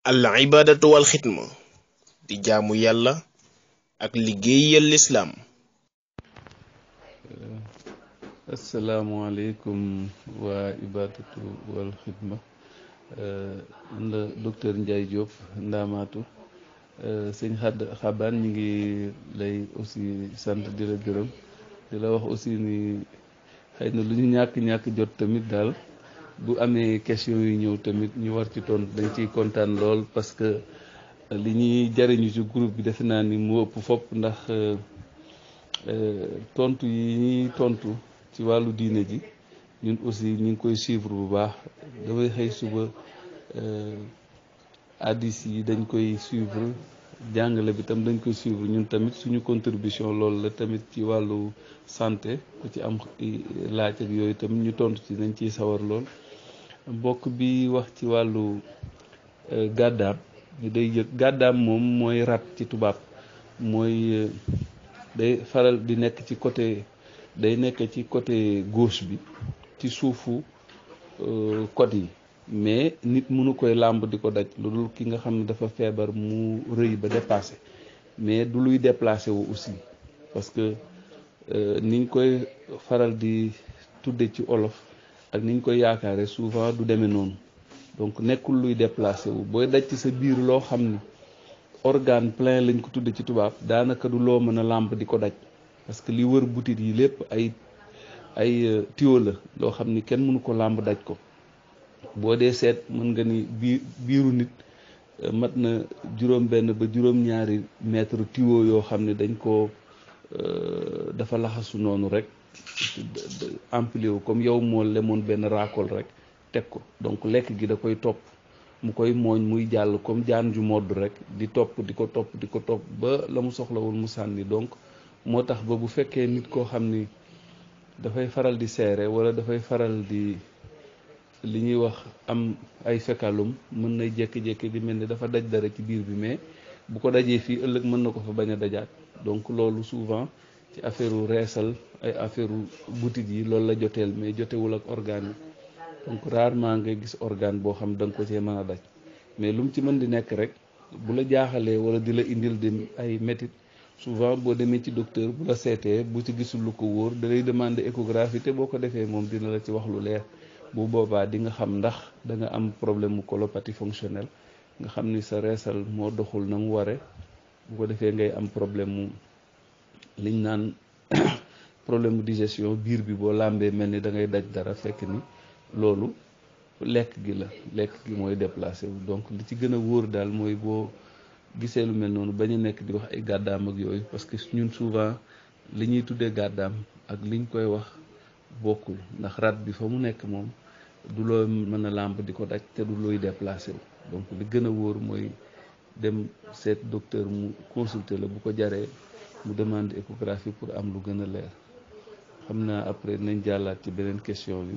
al ibadatu wal xidma di jaamu yàlla ak liggéeyal lislaam asalaamualeykum waa ibadatu wal xidma man la xadd xabaan ñi ngi lay aussi sant di la gërëm di la wax aussi ni xëy na luñu ñàkk-ñàkk jot tamit daal bu amee question yu ñëw tamit ñu war ci tontu dañ ciy kontaan lool parce que euh, li ñuy jariñu ci groupe bi defe naa ni mu ëpp fopp ndax euh, euh, tontu yi ñuy tontu ci wàllu diine ji ñun aussi ñu ngi koy suivre bu baax dafay xëy suba addis yi dañ koy suivre jàngale bi tam dañ koy suivre ñun tamit suñu contribution loolu la tamit ci wàllu santé ku ci am laaj yooyu tamit ñu tontu ci dañ ciy sawar lool. bokk bi wax ci wàllu euh, gàddaam day yëg gàddaam moom mooy rat ci tubaab mooy euh, day faral di nekk ci côté day nekk ci côté gauche bi ci suufu euh, côte yi mais nit mënu koy làmb di ko daj lu dul ki nga xam ne dafa feebar mu rëy ba dépassé mais du luy déplacé wu aussi parce que niñ koy faral di tudde ci olof ak niñ koy yaakaare souvent du demee noonu donc nekkul luy déplacé wu booy daj ci sa biir loo xam ni organe plein lañ ko tudde ci tubaab daanaka du loo mën a làmp di ko daj parce que li wër butit yi lépp ay ay euh, tuyau la loo xam ni kenn mënu ko làmb daj ko boo dee seet mën nga ni bii biiru nit euh, mat na juróom benn ba juróom ñaari mètre tuyau yoo xam ne dañ ko euh, dafa laxasu noonu rek empilé wu comme yow moo lemoon benn raakol rek teg ko donc lekk gi da koy topp mu koy mooñ muy jàll comme jaan ju modd rek di topp di ko topp di ko topp ba la mu soxlawul mu sànni donc moo tax ba bu fekkee nit koo xam ni dafay faral di seere walla dafay faral di li ñuy wax am ay fekalum mën na jékki-jékki di mel ni dafa daj dara ci biir bi mais bu ko dajee fii ëllëg mën na ko fa bañ a dajaat donc loolu souvent ci affaire reesal ay affaire boutique yi loolu la joteel mais jotewul ak organe yi donc rarement ngay gis organe boo xam da nga ko cee mën a daj mais lu mu ci mën di nekk rek bu la jaaxalee wala di la indil di ay métit souvent boo demee ci docteur bu la seetee bu ci gisul lu ko wóor da lay demander échographie te boo ko defee moom dina la ci wax lu leer bu boobaa di nga xam ndax da nga am problème mu colopathie fonctionnelle nga xam ni sa reesal moo doxul na mu ware bu ko defee ngay am problème mu liñ naan problème mu digestion biir bi boo làmbee mel ni dangay ngay daj dara fekk ni loolu lekk gi la lekk gi mooy déplacé wu donc li ci gën a wóor daal mooy boo gisee lu mel noonu ba ñu nekk di wax ay gàddaamak yooyu parce que ñun souvent li ñuy tuddee gàddaam ak liñ koy wax bokkul ndax rat bi fa mu nekk moom du looy mën a làmb di ko daj te du looy déplacé wu donc li gën a wóor mooy dem seet docteur mu consulter la bu ko jaree mu demande échographie pour am lu gën a leer xam naa après nañ jàllaat ci beneen question bi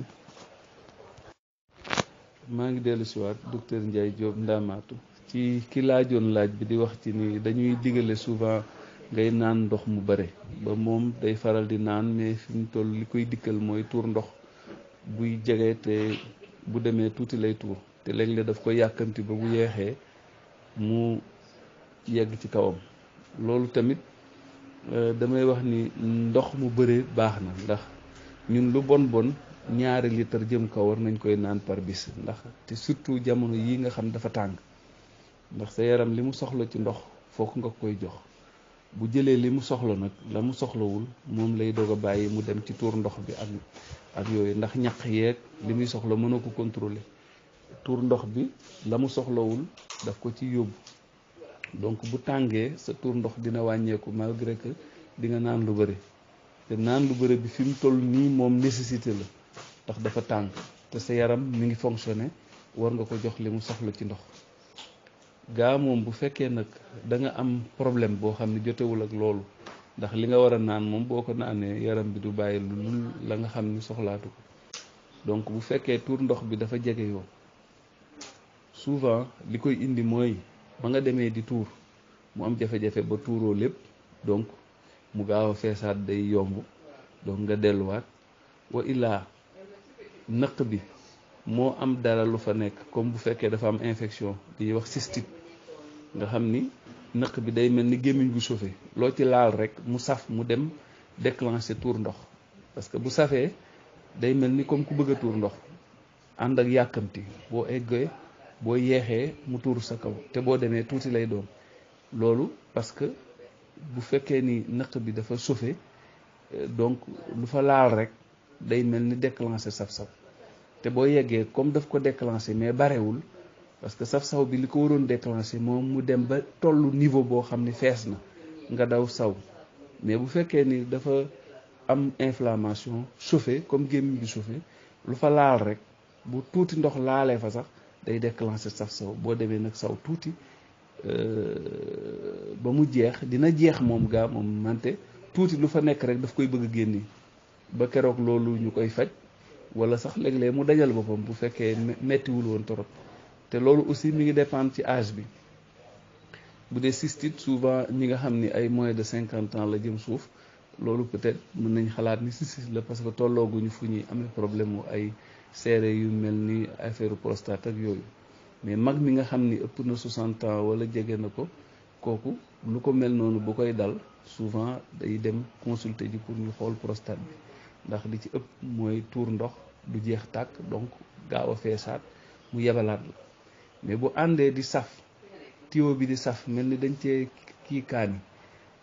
maa ngi dellu siwaat docteur Ndiaye Diop ndaamaatu ci ki laajoon laaj bi di wax ci ni dañuy diggale souvent ngay naan ndox mu bare ba moom day faral di naan mais fi toll li koy dikkal mooy tuur ndox buy jege te bu demee tuuti lay tuur te léeg-léeg daf ko yàkkamti ba bu yeexee mu yegg ci kawam loolu tamit Euh, damay wax ni ndox mu bëri baax na ndax ñun lu bon bon ñaari litre jëm kaw war nañ koy naan par bis ndax te surtout jamono yi nga xam dafa tàng ndax sa yaram li mu soxla ci ndox fokk nga koy jox bu jëlee li mu soxla nag la mu soxlawul moom lay doog a bàyyi mu dem ci tuur ndox bi ak ak yooyu ndax ñaq yeeg li muy soxla mënoo ko contrôler tuur ndox bi la mu soxlawul daf ko ci yóbbu donc bu tàngee sa tur ndox dina wàññeeku malgré que di nga naan lu bëri te naan lu bëri bi fi mu toll nii moom nécessité la ndax dafa tàng te sa yaram mi ngi fonctionné war nga ko jox li mu soxla ci ndox gaa moom bu fekkee nag da nga am problème boo xam ne jotewul ak loolu ndax li nga war a naan moom boo ko naanee yaram bi du bàyyi lu lul la nga xam ni soxlaatu ko donc bu fekkee tuur ndox bi dafa jege yoon souvent li koy indi mooy ba nga demee di tuur mu am jafe-jafe ba tuuroo lépp donc mu gaaw a feesaat day yomb donc nga delluwaat wa illaa nëq bi moo am dara lu fa nekk comme bu fekkee dafa am infection di wax cystite nga xam ni nëq bi day mel ni gémmiñ gu chauffé loo ci laal rek mu saf mu dem déclencher tuur ndox parce que bu safee day mel ni comme ku bëgg a tuur ndox ànd ak yàkkamti boo eggee boo yéexee mu tuuru sa kaw te boo demee tuuti lay doon loolu parce que bu fekkee ni naq bi dafa suufe euh, donc lu fa laal rek day mel ni déclenché saf-saw te boo yeggee comme daf ko déclenché mais barewul parce que saf-saw bi li ko waroon déclenché moom mu dem ba tollu niveau boo xam ni fees na nga daw saw mais bu fekkee ni dafa am inflammation chauffé comme gémmiñ bi chauffé lu fa laal rek bu tuuti ndox laalee fa sax day déclencher sax saw boo demee nag saw tuuti euh, ba mu jeex dina jeex moom gaa moom mante tuuti lu fa nekk rek daf koy bëgg a génni ba keroog loolu ñu koy faj wala sax léeg-léeg mu dajal boppam bu fekkee mettiwul woon torop te loolu aussi mi ngi dépendre ci âge bi bu dee cystite souvent ñi nga xam ni ay moins de cinquante ans la jëm suuf loolu peut-être mën nañ xalaat ni cystite la parce que tollooguñu fu ñuy amee problème wu ay seere yu mel ni affaire prostate ak yooyu mais mag mi nga xam ni ëpp na 60 ans wala jege na ko kooku lu ko mel noonu bu koy dal souvent day dem consulter ji pour ñu xool prostate bi ndax di ci ëpp mooy tour ndox du jeex tàkk donc gaaw a feesaat mu yebalaat la mais bu àndee di saf tiwo bi di saf mel ni dañ cee kii kaani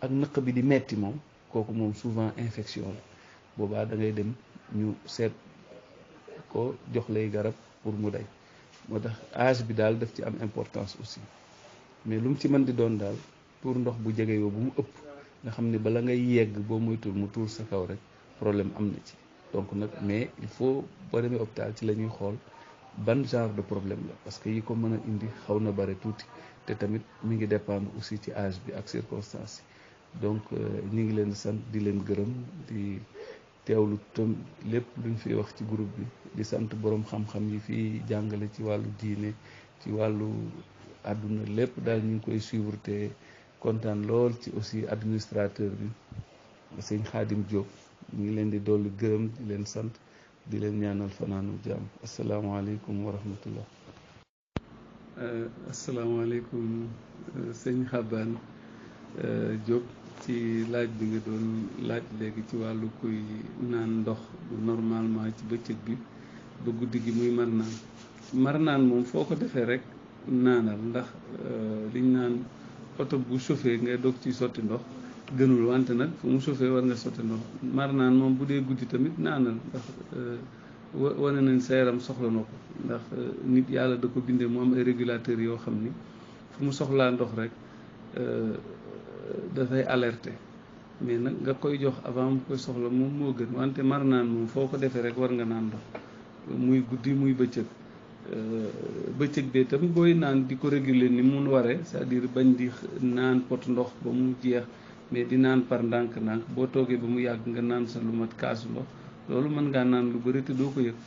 ak nëq bi di metti moom kooku moom souvent infection la boobaa da dem ñu seet ko jox lay garab pour mu day moo tax age bi daal def ci am importance aussi mais lu mu ci man di doon daal tuur ndox bu jege yoo bu mu ëpp nga xam ne bala ngay yegg boo moytul mu tuur sa kaw rek problème am na ci donc nag mais il faut boo demee hôpital ci la ñuy xool ban genre de problème la parce que yi ko mën a indi xaw na bare tuuti te tamit mi ngi dépendre aussi ci âge bi ak circonstance yi donc euh, ñu ngi leen sant di leen gërëm di teewlu tam lépp luñ fi wax ci groupe bi di sant boroom xam-xam yi fiy jàngale ci wàllu diine ci wàllu àdduna lépp daal ñu ngi koy suivre te kontaan lool ci aussi administrateur bi sëñ Xaadim Diop ñu ngi leen di dolli gërëm leen sant di leen ñaanal fanaanu jàmm asalaamaaleykum wa rahmatullah euh, asalaamaaleykum euh, sëñ Xabaan euh, Diop ci laaj bi nga doon laaj léegi ci wàllu kuy naan ndox normalement ci bëccëg bi ba guddi gi muy mar naan mar naan moom foo ko defee rek naanal ndax euh, liñ naan oto bu chauffé ngay doog ci sotti ndox gënul wante nag fu mu chauffé war nga sotti ndox mar naan moom bu dee guddi tamit naanal ndax euh, wane nañ sa yaram soxla noo ko ndax euh, nit yàlla da ko bindee mu am ay régulateurs yoo xam ni fu mu soxlaa ndox rek Euh, dafay alerte mais nag nga koy jox avant mu koy soxla moom moo gën wante mar naan moom foo ko defee rek war nga naan ndox muy guddi muy bëccëg euh, bëccëg bee tam booy naan di ko réguler ni mun waree cest diir bañ di naan pot ndox ba mu jeex mais di naan par ndànk-ndànk boo toogee ba mu yàgg nga naan sa lu mat kaasu ndox loolu mën ngaa naan lu bëri te doo ko yëg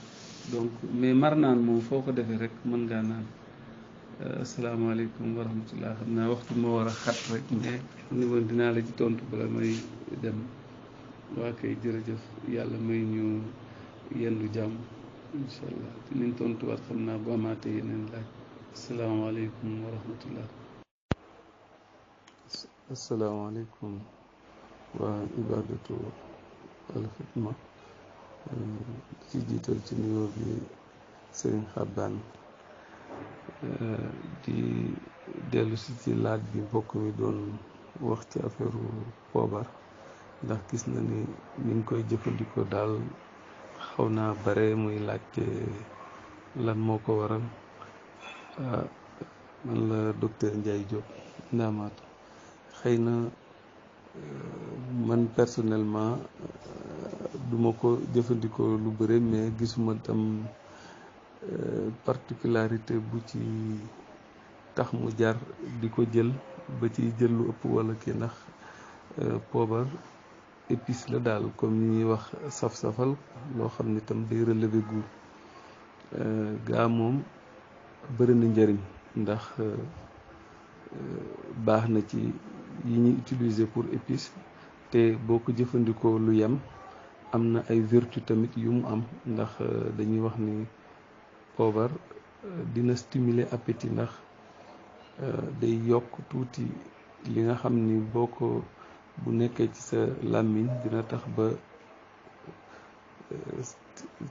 donc mais mar naan moom foo ko defee rek mën ngaa naan Euh, asalaamaaleykum wa rahmatullah xam naa waxtu moo war xat rek mais ni dinaa la ci tontu bala may dem waa kay jërëjëf yàlla may ñu yendu jàmm incha allah dinañ tontuwaat xam naa bu amaatee yeneen laaj asalaamaaleykum wa waa ibadatu alxidma euh, ci jiital ci nuyoo bi Serigne Xabbaan Euh, di dellu ci laaj bi mbokk mi doon wax ci affaire poobar ndax gis na ni niñ koy jëfandikoo daal xaw naa bare muy laajte lan moo ko waral ah, man la docteur Ndiaye Diop ndaamaatu xëy na euh, man personnellement euh, duma ko jëfandikoo lu bëre mais gisuma tam Euh, particularité bu ci tax mu jar di ko jël ba ci jël lu ëpp wala kii ndax euh, poobar épice la daal comme ni ñuy wax saf-safal loo xam ni tam day relever goût euh, gaa moom bëri na njëriñ ndax baax na ci yi ñuy utiliser pour épice te boo ko jëfandikoo lu yem am na ay vertu tamit yu mu am ndax dañuy wax ni poobar euh, dina stimuler appétit ndax euh, day yokk tuuti li nga xam ni boo ko bu nekkee ci sa làmmiñ dina tax ba euh,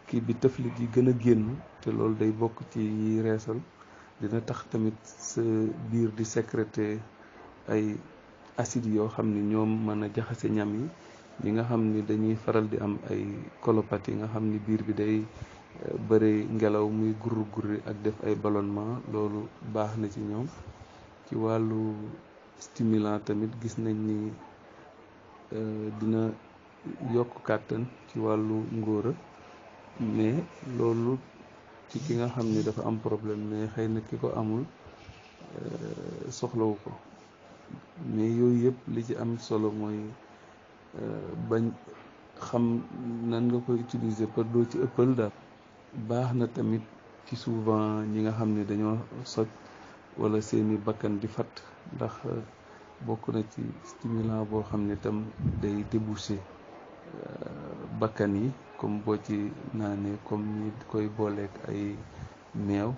kii bi tëflit yi gën a génn te loolu day bokk ci yi reesal dina tax tamit sa biir di sécréter ay acide yoo xam ni ñoom mën a jaxase ñam yi ñi nga xam ni dañuy faral di am ay colopathie nga xam ni biir bi day bëri ngelaw muy gurru gurri ak def ay ballonnement loolu baax na ci ñoom ci wàllu stimulant tamit gis nañ ni euh, dina yokk kàttan ci wàllu ngóora mais loolu ci ki nga xam ni dafa am problème mais xëy na ki ko amul euh, soxlawu ko mais yooyu yëpp li ci am solo mooy euh, bañ xam nan nga koy utiliser par doo ci ëppal daal baax na tamit ci souvent ñi nga xam ne dañoo soj wala seeni bakkan di fatt ndax euh, bokk na ci stimulant boo xam ne tam day déboucher euh, bakkan yi comme boo ci naanee comme ñi koy booleeg ay meew euh,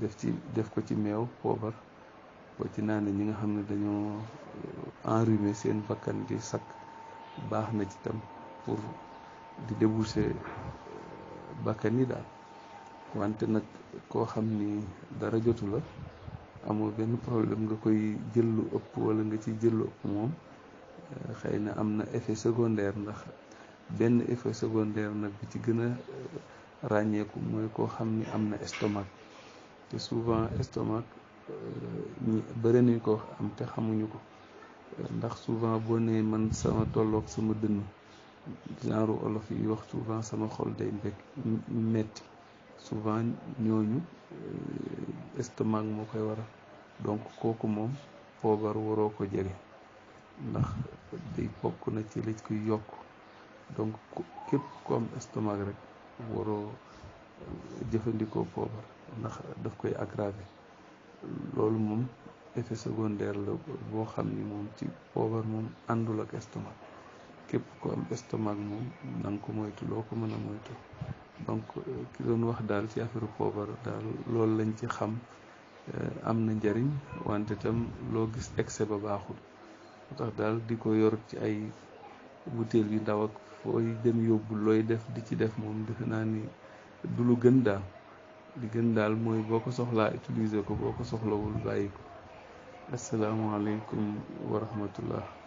def ci def ko ci meew poobar boo ci naanee ñi nga xam ne dañoo enrhumé seen bakkan di sakk baax na ci tam pour di déboucher bakkan yi daal wante nag koo xam ni dara jotu la amoo benn problème nga koy jël lu ëpp wala nga ci jël ëpp moom eh, xëy na am na effet secondaire ndax benn effet secondaire nag bi ci gën a eh, ràññeeku mooy koo xam ni am na estomac te souvent estomac eh, ñi bëri nañ ko am te xamuñu ko ndax souvent boo nee man sama tollook sama dënn genre olof yi wax souvent sama xol day mbékk metti souvent ñooñu euh, estomac moo koy waral donc kooku moom poobar waroo ko jege ndax day bokk na ci li koy yokk donc képp ku am estomac rek waroo euh, jëfandikoo poobar ndax daf koy aggraver loolu moom effet secondaire la boo xam ni moom ci poobar moom àndul ak estomac képp ku am estomac moom na ko moytu loo ko mën a moytu donc euh, ki doon wax daal ci affaire poobar daal loolu lañ ci xam euh, am na njariñ wante tam loo gis excès ba baaxul moo tax daal di ko yor ci ay butéel yu ndaw ak fooy dem yóbbu looy def di ci def moom defe ni du lu gën daal li gën daal mooy boo ko soxlaa utiliser ko boo ko soxlawul bàyyi ko asalaamaaleykum wa rahmatullah